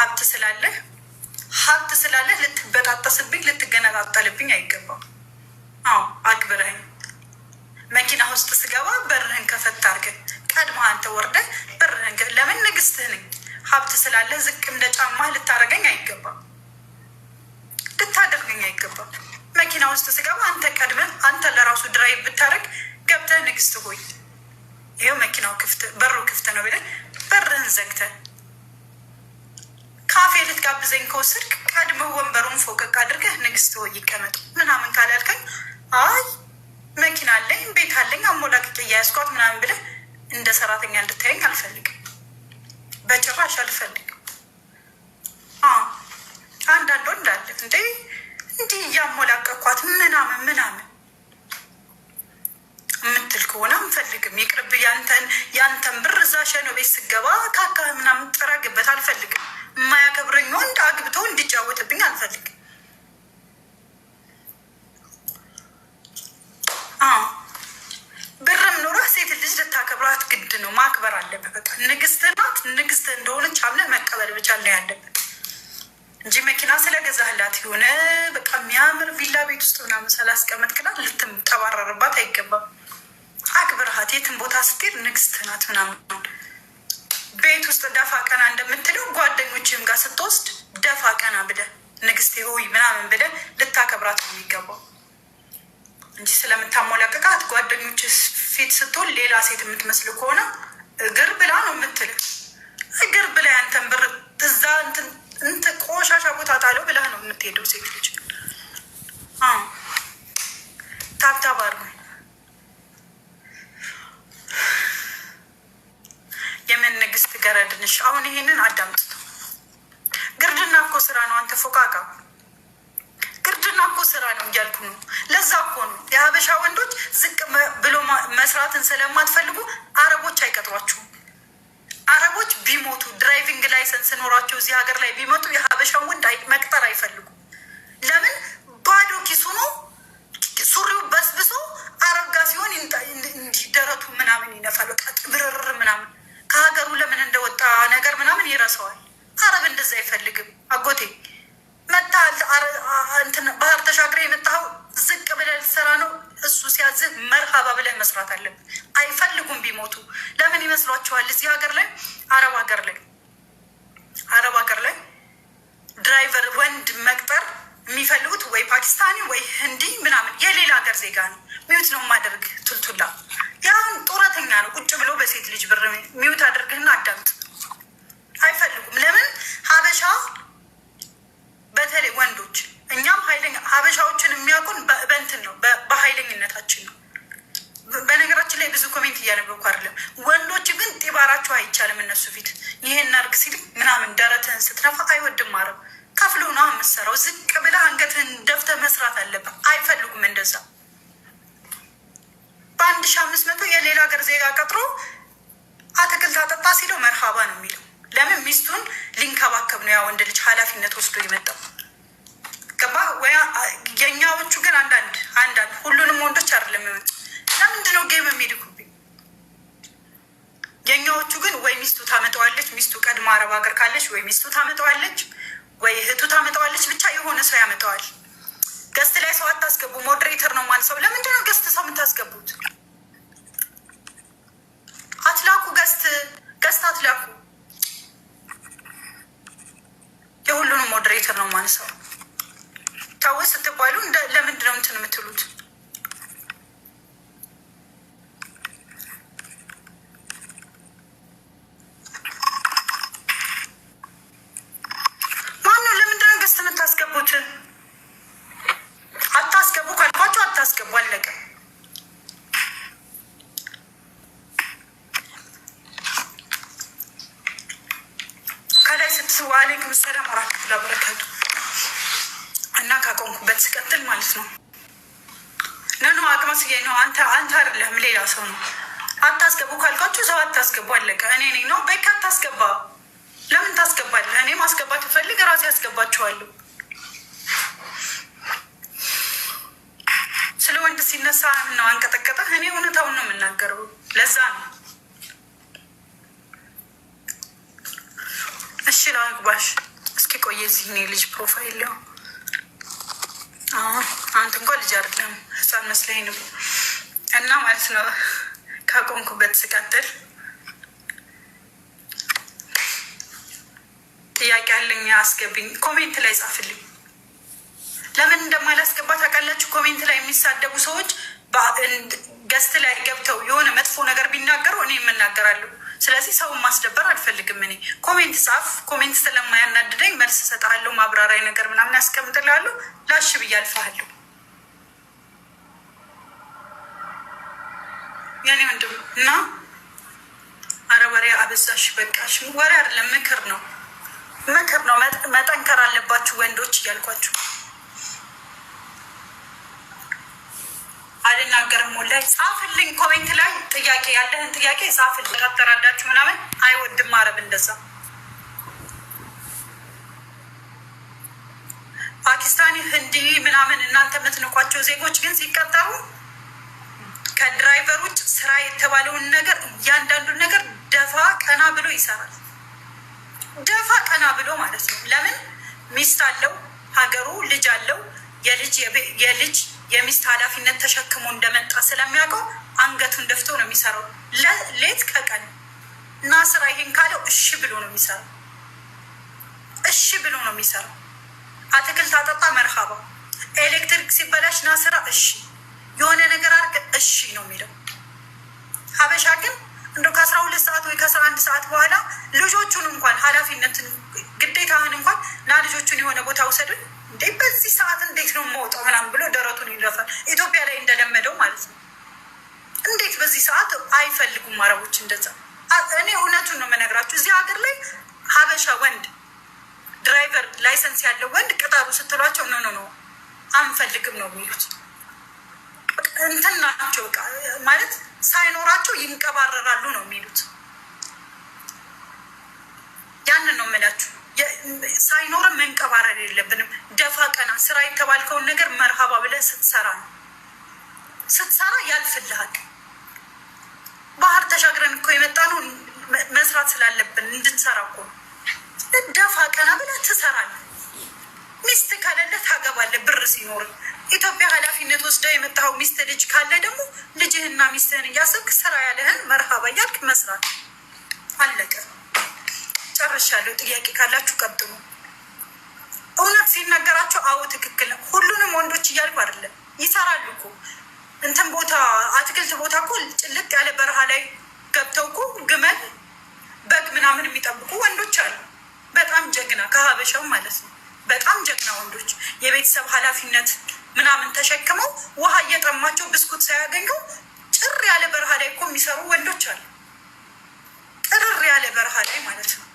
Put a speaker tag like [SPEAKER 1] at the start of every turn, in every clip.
[SPEAKER 1] ሀብት ስላለህ ሀብት ስላለህ ልትበጣጠስብኝ ልትገነጣጠልብኝ አይገባም። አዎ አክብረኝ። መኪና ውስጥ ስገባ በርህን ከፈት አድርገህ ቀድመህ አንተ ወርደህ በርህን ለምን ንግስትህ ነኝ። ሀብት ስላለህ ዝቅ እንደ ጫማ ልታደርገኝ አይገባም፣ ልታደርገኝ አይገባም። መኪና ውስጥ ስገባ አንተ ቀድመህ አንተ ለራሱ ድራይቭ ብታደርግ ገብተህ ንግስት ሆይ ይኸው መኪናው ክፍት በሩ ክፍት ነው ብለህ በርህን ዘግተህ ካፌ ልትጋብዘኝ ከወሰድክ ቀድመህ ወንበሩን ፎቀቅ አድርገህ ንግስት ሆይ ይቀመጡ ምናምን ካላልከኝ አይ መኪና አለኝ ቤት አለኝ አሞላቅቄ እያያዝኳት ምናምን ብለህ እንደ ሰራተኛ እንድታየኝ አልፈልግም። በጭራሽ አልፈልግም። አንዳንዱ እንዳለ እንደ እንዲህ እያሞላቀኳት ምናምን ምናምን የምትል ከሆነ አንፈልግም። ይቅርብ። ያንተን ያንተን ብር እዛ ሸኖ ቤት ስገባ ካካ ምናምን ጥረግበት አልፈልግም። የማያከብረኝ ወንድ አግብቶ እንዲጫወትብኝ አልፈልግም። ብርም ኑሮ ሴት ልጅ ልታከብራት ግድ ነው፣ ማክበር አለበት። በቃ ንግስት ናት። ንግስት እንደሆነች አምነን መቀበል ብቻ ላይ ያለበት እንጂ መኪና ስለገዛህላት የሆነ በቃ የሚያምር ቪላ ቤት ውስጥ ምናምን ስላስቀመጥክላት ልትጠባረርባት አይገባም። አክብርሃት። የትን ቦታ ስትሄድ ንግስት ናት ምናምን ቤት ውስጥ ደፋ ቀና እንደምትለው ጓደኞችም ጋር ስትወስድ ደፋ ቀና ብለህ ንግስቴ ሆይ ምናምን ብለህ ልታከብራት ነው የሚገባው እንጂ ስለምታሞላቀቃት ጓደኞች ፊት ስትሆን ሌላ ሴት የምትመስል ከሆነ እግር ብላ ነው የምትል። እግር ብላ ያንተን ብር እዛ እንትን ቆሻሻ ቦታ ጣለው ብላ ነው የምትሄደው ሴት ልጅ ታብታባር የመን ንግስት ገረድንሽ። አሁን ይሄንን አዳምጡት። ግርድና እኮ ስራ ነው። አንተ ፎቃቃ ግርድና እኮ ስራ ነው እያልኩ ነው። ለዛ እኮ ነው የሀበሻ ወንዶች ዝቅ ብሎ መስራትን ስለማትፈልጉ አረቦች አይቀጥሯችሁም። አረቦች ቢሞቱ ድራይቪንግ ላይሰንስ ኖሯቸው እዚህ ሀገር ላይ ቢመጡ የሀበሻ ወንድ መቅጠር አይፈልጉም። ለምን? ባዶ ኪሱ ነው ሱሪው በስብሶ አረጋ ሲሆን እንዲደረቱ ምናምን ይነፋል። በቃ ምናምን ከሀገሩ ለምን እንደወጣ ነገር ምናምን ይረሳዋል። አረብ እንደዛ አይፈልግም። አጎቴ መታል ባህር ተሻግረ የመጣው ዝቅ ብለን ልትሰራ ነው። እሱ ሲያዝህ መርሃባ ብለን መስራት አለብን። አይፈልጉም ቢሞቱ። ለምን ይመስሏችኋል? እዚህ ሀገር ላይ አረብ ሀገር ላይ አረብ ሀገር ላይ ድራይቨር ወንድ መቅጠር የሚፈልጉት ወይ ፓኪስታኒ ወይ ህንዲ ምናምን የሌላ ሀገር ዜጋ ነው። ሚዩት ነው ማደርግ ቱልቱላ ያሁን ጡረተኛ ነው። ቁጭ ብሎ በሴት ልጅ ብር ሚዩት አድርግህና አዳምጥ። አይፈልጉም። ለምን ሀበሻ በተለይ ወንዶች እኛም ኃይለኛ ሀበሻዎችን የሚያውቁን በእንትን ነው፣ በኃይለኝነታችን ነው። በነገራችን ላይ ብዙ ኮሜንት እያነበብኩ አይደለም። ወንዶች ግን ጢባራቸው አይቻልም እነሱ ፊት ይሄን አርግ ሲል ምናምን ደረትህን ስትነፋ አይወድም። አረብ ከፍሎ ነው የምትሰራው። ዝቅ ብለህ አንገትህን ደፍተህ መስራት አለብህ። አይፈልጉም እንደዛ በአንድ ሺ አምስት መቶ የሌላ ሀገር ዜጋ ቀጥሮ አትክልት አጠጣ ሲለው መርሃባ ነው የሚለው። ለምን ሚስቱን ሊንከባከብ ነው ያ ወንድ ልጅ ኃላፊነት ወስዶ የመጣው ገባ ወይ? የእኛዎቹ ግን አንዳንድ አንዳንድ ሁሉንም ወንዶች አይደለም የሚመጡ። ለምንድን ነው ጌም የሚልኩብኝ? የእኛዎቹ ግን ወይ ሚስቱ ታመጠዋለች፣ ሚስቱ ቀድማ አረብ ሀገር ካለች ወይ ሚስቱ ታመጠዋለች፣ ወይ እህቱ ታመጠዋለች። ብቻ የሆነ ሰው ያመጠዋል። ገስት ላይ ሰው አታስገቡ። ሞዴሬተር ነው ማለት ሰው። ለምንድን ነው ገስት ሰው የምታስገቡት? አትላኩ፣ ገስት ገስት አትላኩ። የሁሉንም ሞዴሬተር ነው ማንሳው። ተው ስትባሉ ለምንድን ነው እንትን የምትሉት? ዋሌይኩም ሰላም ወራህመቱላ በረካቱ እና ካቆምኩበት ስቀጥል ማለት ነው ነኖ አቅመስዬ ነው። አንተ አንተ አይደለህም ሌላ ሰው ነው። አታስገቡ ካልኳችሁ ሰው አታስገቡ፣ አለቀ። እኔ ነኝ ነው በቃ አታስገባ። ለምን ታስገባለህ? እኔ ማስገባት ብፈልግ ራሴ ያስገባችኋለሁ። ስለ ወንድ ሲነሳ ነው አንቀጠቀጠ። እኔ እውነታውን ነው የምናገረው፣ ለዛ ነው እሺ ላግባሽ። እስኪ ቆይ የዚህ እኔ ልጅ ፕሮፋይል ለው አንተ እንኳ ልጅ አይደለም ህፃን መስለኝ ነው። እና ማለት ነው ካቆምኩበት ስቀጥል ጥያቄ አለኝ አስገብኝ። ኮሜንት ላይ ጻፍልኝ። ለምን እንደማላስገባ ታውቃላችሁ? ኮሜንት ላይ የሚሳደቡ ሰዎች ገስት ላይ ገብተው የሆነ መጥፎ ነገር ቢናገሩ እኔ የምናገራለሁ። ስለዚህ ሰውን ማስደበር አልፈልግም። እኔ ኮሜንት ጻፍ፣ ኮሜንት ስለማያናድደኝ መልስ እሰጥሃለሁ፣ ማብራሪያ ነገር ምናምን ያስቀምጥልሃለሁ። ላሽ ብዬ አልፈሃለሁ። የኔ ወንድም እና አረ ወሬ አበዛሽ፣ በቃሽ። ወሬ አይደለም ምክር ነው፣ ምክር ነው። መጠንከር አለባችሁ ወንዶች እያልኳችሁ አልናገርም። ወላ ጻፍልኝ፣ ኮሜንት ላይ ጥያቄ ያለህን ጥያቄ ጻፍልኝ። ታተራዳችሁ ምናምን አይወድም አረብ እንደዛ። ፓኪስታኒ፣ ህንዲ ምናምን እናንተ የምትንኳቸው ዜጎች ግን ሲቀጠሩ ከድራይቨር ውጭ ስራ የተባለውን ነገር እያንዳንዱን ነገር ደፋ ቀና ብሎ ይሰራል። ደፋ ቀና ብሎ ማለት ነው። ለምን ሚስት አለው ሀገሩ ልጅ አለው የልጅ የልጅ የሚስት ኃላፊነት ተሸክሞ እንደመጣ ስለሚያውቀው አንገቱን ደፍቶ ነው የሚሰራው ሌት ከቀን እና ስራ ይሄን ካለው እሺ ብሎ ነው የሚሰራው። እሺ ብሎ ነው የሚሰራው። አትክልት አጠጣ መርሃባ፣ ኤሌክትሪክ ሲበላሽ ና ስራ እሺ፣ የሆነ ነገር አርግ እሺ ነው የሚለው። ሀበሻ ግን እንደ ከአስራ ሁለት ሰዓት ወይ ከአስራ አንድ ሰዓት በኋላ ልጆቹን እንኳን ኃላፊነትን ግዴታህን እንኳን ና ልጆቹን የሆነ ቦታ ውሰዱን እንዴ በዚህ ሰዓት እንዴት ነው መውጣው ምናምን ብሎ ደረ የሚረፈር ኢትዮጵያ ላይ እንደለመደው ማለት ነው። እንዴት በዚህ ሰዓት አይፈልጉም አረቦች? እንደዛ እኔ እውነቱን ነው የምነግራችሁ። እዚህ ሀገር ላይ ሀበሻ ወንድ ድራይቨር ላይሰንስ ያለው ወንድ ቅጠሩ ስትሏቸው ኖ ኖ ኖ አንፈልግም ነው የሚሉት። እንትን ናቸው ማለት ሳይኖራቸው ይንቀባረራሉ ነው የሚሉት። ያንን ነው የምላችሁ። ሳይኖርም መንቀባረር የለብንም። ቀና ስራ የተባልከውን ነገር መርሃባ ብለህ ስትሰራ ነው። ስትሰራ ያልፍልሃል። ባህር ተሻግረን እኮ የመጣ ነው መስራት ስላለብን እንድንሰራ እኮ ነው። ደፋ ቀና ብለህ ትሰራለህ። ሚስት ከሌለ ታገባለህ ብር ሲኖር። ኢትዮጵያ ኃላፊነት ወስዳ የመጣኸው ሚስት ልጅ ካለ ደግሞ ልጅህና ሚስትህን እያሰብክ ስራ ያለህን መርሃባ እያልክ መስራት አለቀ። ጨርሻለሁ። ጥያቄ ካላችሁ ቀጥሉ። ሲነገራቸው አዎ ትክክል፣ ሁሉንም ወንዶች እያልኩ አይደለም። ይሰራሉ እኮ እንትን ቦታ አትክልት ቦታ እኮ ጭልቅ ያለ በረሃ ላይ ገብተው እኮ ግመል፣ በግ ምናምን የሚጠብቁ ወንዶች አሉ። በጣም ጀግና ከሀበሻው ማለት ነው። በጣም ጀግና ወንዶች የቤተሰብ ኃላፊነት ምናምን ተሸክመው ውሃ እየጠማቸው ብስኩት ሳያገኙ ጭር ያለ በረሃ ላይ እኮ የሚሰሩ ወንዶች አሉ። ጥርር ያለ በረሃ ላይ ማለት ነው።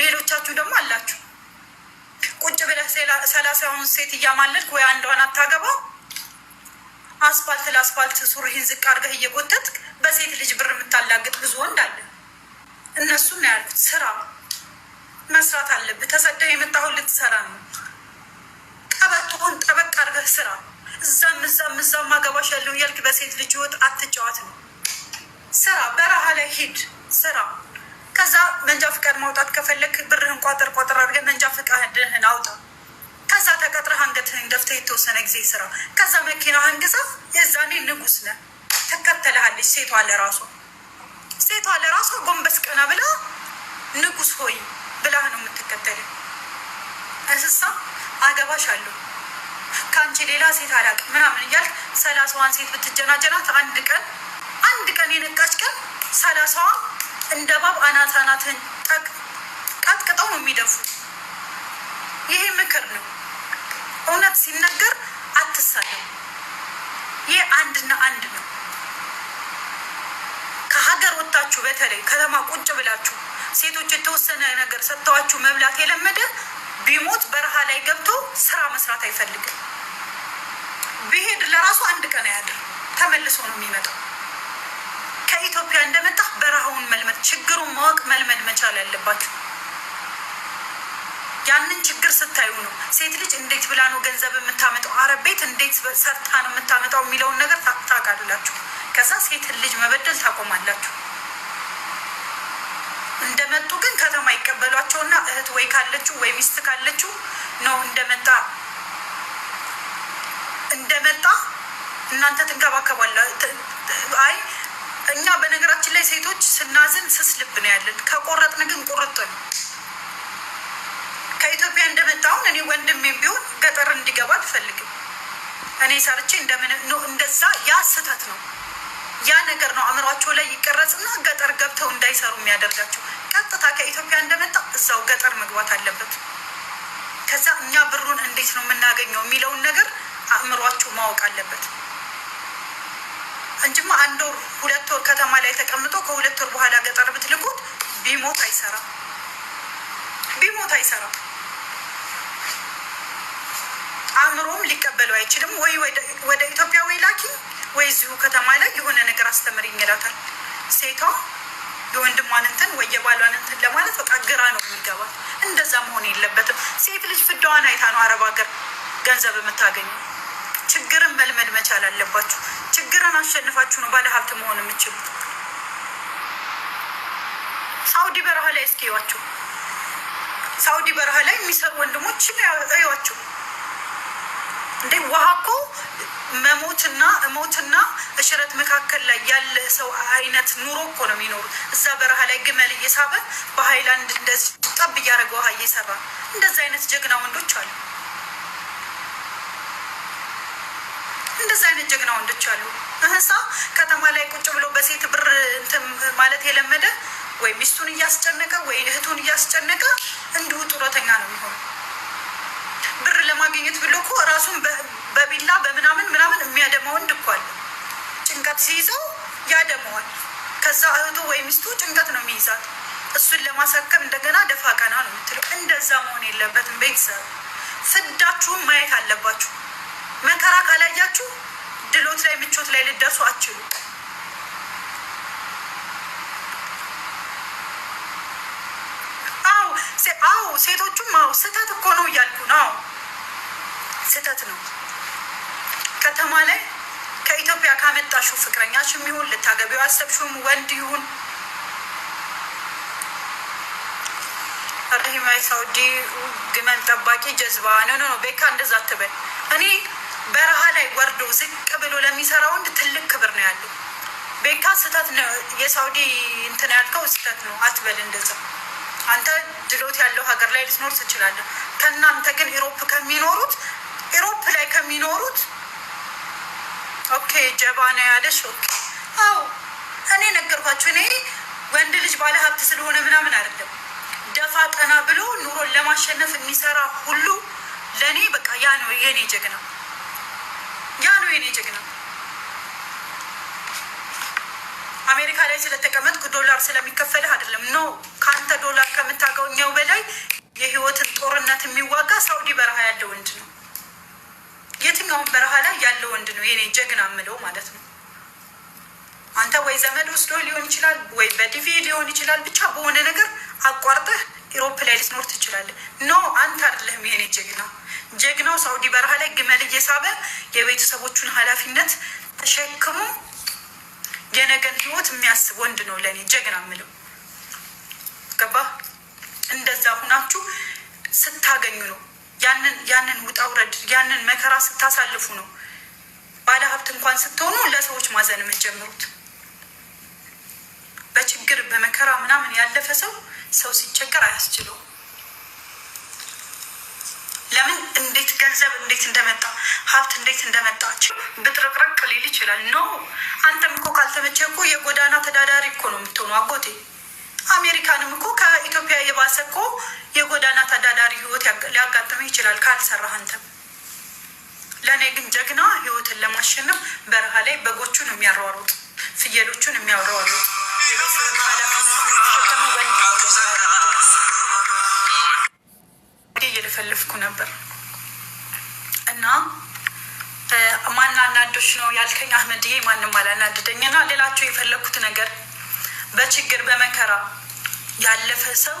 [SPEAKER 1] ሌሎቻችሁ ደግሞ አላችሁ። ቁጭ ብለህ ሰላሳውን ሴት እያማለድክ ወይ አንዷን አታገባው? አስፋልት ለአስፋልት ሱሪህን ዝቅ አድርገህ እየጎተትክ በሴት ልጅ ብር የምታላግጥ ብዙ ወንድ አለ። እነሱም ነው ያልኩት። ስራ መስራት አለብህ። ተሰደህ የመጣሁን ልትሰራ ነው። ቀበቶን ጠበቅ አድርገህ ስራ። እዛም እዛም እዛም አገባሽ ያለው ያልክ በሴት ልጅ ወጥ አትጫወት ነው። ስራ፣ በረሃ ላይ ሂድ ስራ። ከዛ መንጃ ፍቃድ ማውጣት ከፈለግ ብርህን ቋጠር ቋጠር አድርገን መንጃ ፍቃድህን አውጣ። ከዛ ተቀጥረህ አንገትህን ደፍተህ የተወሰነ ጊዜ ስራ። ከዛ መኪና ህንግዛ የዛኔ ንጉስ ነ ትከተልሃለች ሴቷ ለራሷ ሴቷ ለራሷ ጎንበስ ቀና ብላ ንጉስ ሆይ ብላህ ነው የምትከተል። እንስሳ አገባሽ አለው ከአንቺ ሌላ ሴት አላቅ ምናምን እያልክ ሰላሳዋን ሴት ብትጀናጀናት አንድ ቀን አንድ ቀን የነቃች ቀን ሰላሳዋን እንደ ባብ አናት አናትን ቀጥቅጠው ነው የሚደፉ። ይሄ ምክር ነው። እውነት ሲነገር አትሳለም። ይህ አንድና አንድ ነው። ከሀገር ወጥታችሁ በተለይ ከተማ ቁጭ ብላችሁ ሴቶች የተወሰነ ነገር ሰጥተዋችሁ መብላት የለመደ ቢሞት በረሃ ላይ ገብቶ ስራ መስራት አይፈልግም። ቢሄድ ለራሱ አንድ ቀን አያድር፣ ተመልሶ ነው የሚመጣው። ከኢትዮጵያ እንደመጣ በረሃውን መልመድ ችግሩን ማወቅ መልመድ መቻል ያለባችሁ። ያንን ችግር ስታዩ ነው ሴት ልጅ እንዴት ብላ ነው ገንዘብ የምታመጣው፣ አረብ ቤት እንዴት ሰርታ ነው የምታመጣው የሚለውን ነገር ታውቃላችሁ። ከዛ ሴት ልጅ መበደል ታቆማላችሁ። እንደመጡ ግን ከተማ ይቀበሏቸውና እህት ወይ ካለችው ወይ ሚስት ካለችው ነው እንደመጣ እንደመጣ እናንተ ትንከባከባላ አይ እኛ በነገራችን ላይ ሴቶች ስናዝን ስስ ልብ ነው ያለን። ከቆረጥን ግን ቁርጥ ነው። ከኢትዮጵያ እንደመጣሁን እኔ ወንድሜም ቢሆን ገጠር እንዲገባ አልፈልግም። እኔ ሰርቼ እንደምን እንደዛ ያ ስህተት ነው። ያ ነገር ነው አእምሯቸው ላይ ይቀረጽና ገጠር ገብተው እንዳይሰሩ የሚያደርጋቸው። ቀጥታ ከኢትዮጵያ እንደመጣ እዛው ገጠር መግባት አለበት። ከዛ እኛ ብሩን እንዴት ነው የምናገኘው የሚለውን ነገር አእምሯቸው ማወቅ አለበት። እንጂማ አንድ ወር ሁለት ወር ከተማ ላይ ተቀምጦ ከሁለት ወር በኋላ ገጠር ብትልኩት ቢሞት አይሰራም፣ ቢሞት አይሰራም። አእምሮም ሊቀበለው አይችልም። ወይ ወደ ኢትዮጵያ ወይ ላኪ ወይ እዚሁ ከተማ ላይ የሆነ ነገር አስተምር ይላታል። ሴቷ የወንድሟን እንትን ወይ የባሏን እንትን ለማለት በቃ ግራ ነው የሚገባት። እንደዛ መሆን የለበትም። ሴት ልጅ ፍዳዋን አይታ ነው አረብ ሀገር ገንዘብ የምታገኘው። ችግርን መልመድ መቻል አለባችሁ። ችግርን አሸንፋችሁ ነው ባለሀብት መሆን የምችሉት። ሳውዲ በረሃ ላይ እስኪ እዩዋቸው። ሳውዲ በረሃ ላይ የሚሰሩ ወንድሞች እዩዋቸው። እንዴ ውሃ እኮ መሞትና እሞትና እሽረት መካከል ላይ ያለ ሰው አይነት ኑሮ እኮ ነው የሚኖሩት። እዛ በረሃ ላይ ግመል እየሳበ በሀይላንድ እንደዚህ ጠብ እያደረገ ውሃ እየሰራ እንደዚህ አይነት ጀግና ወንዶች አሉ። እንደዚህ አይነት ጀግና ወንዶች አሉ። እህሳ ከተማ ላይ ቁጭ ብሎ በሴት ብር እንትን ማለት የለመደ ወይ ሚስቱን እያስጨነቀ ወይ እህቱን እያስጨነቀ እንዲሁ ጡረተኛ ነው የሚሆን። ብር ለማግኘት ብሎ እኮ ራሱን በቢላ በምናምን ምናምን የሚያደማ ወንድ እኮ አለ። ጭንቀት ሲይዘው ያደመዋል። ከዛ እህቱ ወይ ሚስቱ ጭንቀት ነው የሚይዛት። እሱን ለማሳከም እንደገና ደፋ ቀና ነው የምትለው። እንደዛ መሆን የለበትም። ቤተሰብ ፍዳችሁን ማየት አለባችሁ። መከራ ካላያችሁ ድሎት ላይ ምቾት ላይ ልደርሱ አችሉ። አዎ አዎ፣ ሴቶቹም አዎ፣ ስህተት እኮ ነው እያልኩ ነው። ስህተት ነው። ከተማ ላይ ከኢትዮጵያ ካመጣሹ ፍቅረኛሽም ይሁን ልታገቢው አሰብሹም ወንድ ይሁን ረሂማይ ሳውዲ ግመል ጠባቂ ጀዝባ ነው ነው ቤካ እንደዛ አትበል እኔ በረሃ ላይ ወርዶ ዝቅ ብሎ ለሚሰራ ወንድ ትልቅ ክብር ነው ያለው። ቤካ ስህተት ነው የሳውዲ እንትን ያልከው ስህተት ነው አትበል እንደዛ። አንተ ድሎት ያለው ሀገር ላይ ልትኖር ትችላለህ። ከእናንተ ግን ኢሮፕ ከሚኖሩት ኢሮፕ ላይ ከሚኖሩት ኦኬ ጀባ ነው ያለሽ። ኦኬ አዎ እኔ ነገርኳችሁ። እኔ ወንድ ልጅ ባለ ሀብት ስለሆነ ምናምን አይደለም። ደፋ ቀና ብሎ ኑሮን ለማሸነፍ የሚሰራ ሁሉ ለእኔ በቃ ያ ነው የእኔ ጀግና። ነው የኔ ጀግና። አሜሪካ ላይ ስለተቀመጥኩ ዶላር ስለሚከፈልህ አይደለም። ኖ ከአንተ ዶላር ከምታገኘው በላይ የህይወትን ጦርነት የሚዋጋ ሳውዲ በረሃ ያለ ወንድ ነው። የትኛውን በረሃ ላይ ያለ ወንድ ነው የኔ ጀግና ምለው ማለት ነው። አንተ ወይ ዘመድ ወስዶ ሊሆን ይችላል፣ ወይ በዲቪ ሊሆን ይችላል። ብቻ በሆነ ነገር አቋርጠህ ኢሮፕ ላይ ልትኖር ትችላለህ። ኖ አንተ አይደለህም የኔ ጀግና። ጀግናው ሳውዲ በረሃ ላይ ግመል እየሳበ የቤተሰቦቹን ኃላፊነት ተሸክሞ የነገን ህይወት የሚያስብ ወንድ ነው ለእኔ ጀግና ምለው። ገባ እንደዛ ሁናችሁ ስታገኙ ነው ያንን ያንን ውጣ ውረድ ያንን መከራ ስታሳልፉ ነው ባለሀብት እንኳን ስትሆኑ ለሰዎች ማዘን የምትጀምሩት። በችግር በመከራ ምናምን ያለፈ ሰው ሰው ሲቸገር አያስችለውም። ለምን እንዴት ገንዘብ እንዴት እንደመጣ ሀብት እንዴት እንደመጣቸው ብትረቅረቅ ሊል ይችላል። ኖ አንተም እኮ ካልተመቸ እኮ የጎዳና ተዳዳሪ እኮ ነው የምትሆኑ። አጎቴ አሜሪካንም እኮ ከኢትዮጵያ የባሰ እኮ የጎዳና ተዳዳሪ ህይወት ሊያጋጥመ ይችላል ካልሰራህ አንተም። ለእኔ ግን ጀግና ህይወትን ለማሸነፍ በረሃ ላይ በጎቹን የሚያሯሩጥ ፍየሎቹን የሚያሯሩጥ እየተለፈልፍኩ ነበር እና ማን አናዶች ነው ያልከኝ አህመድዬ፣ ማንም አላናድደኝና ሌላቸው የፈለግኩት ነገር በችግር በመከራ ያለፈ ሰው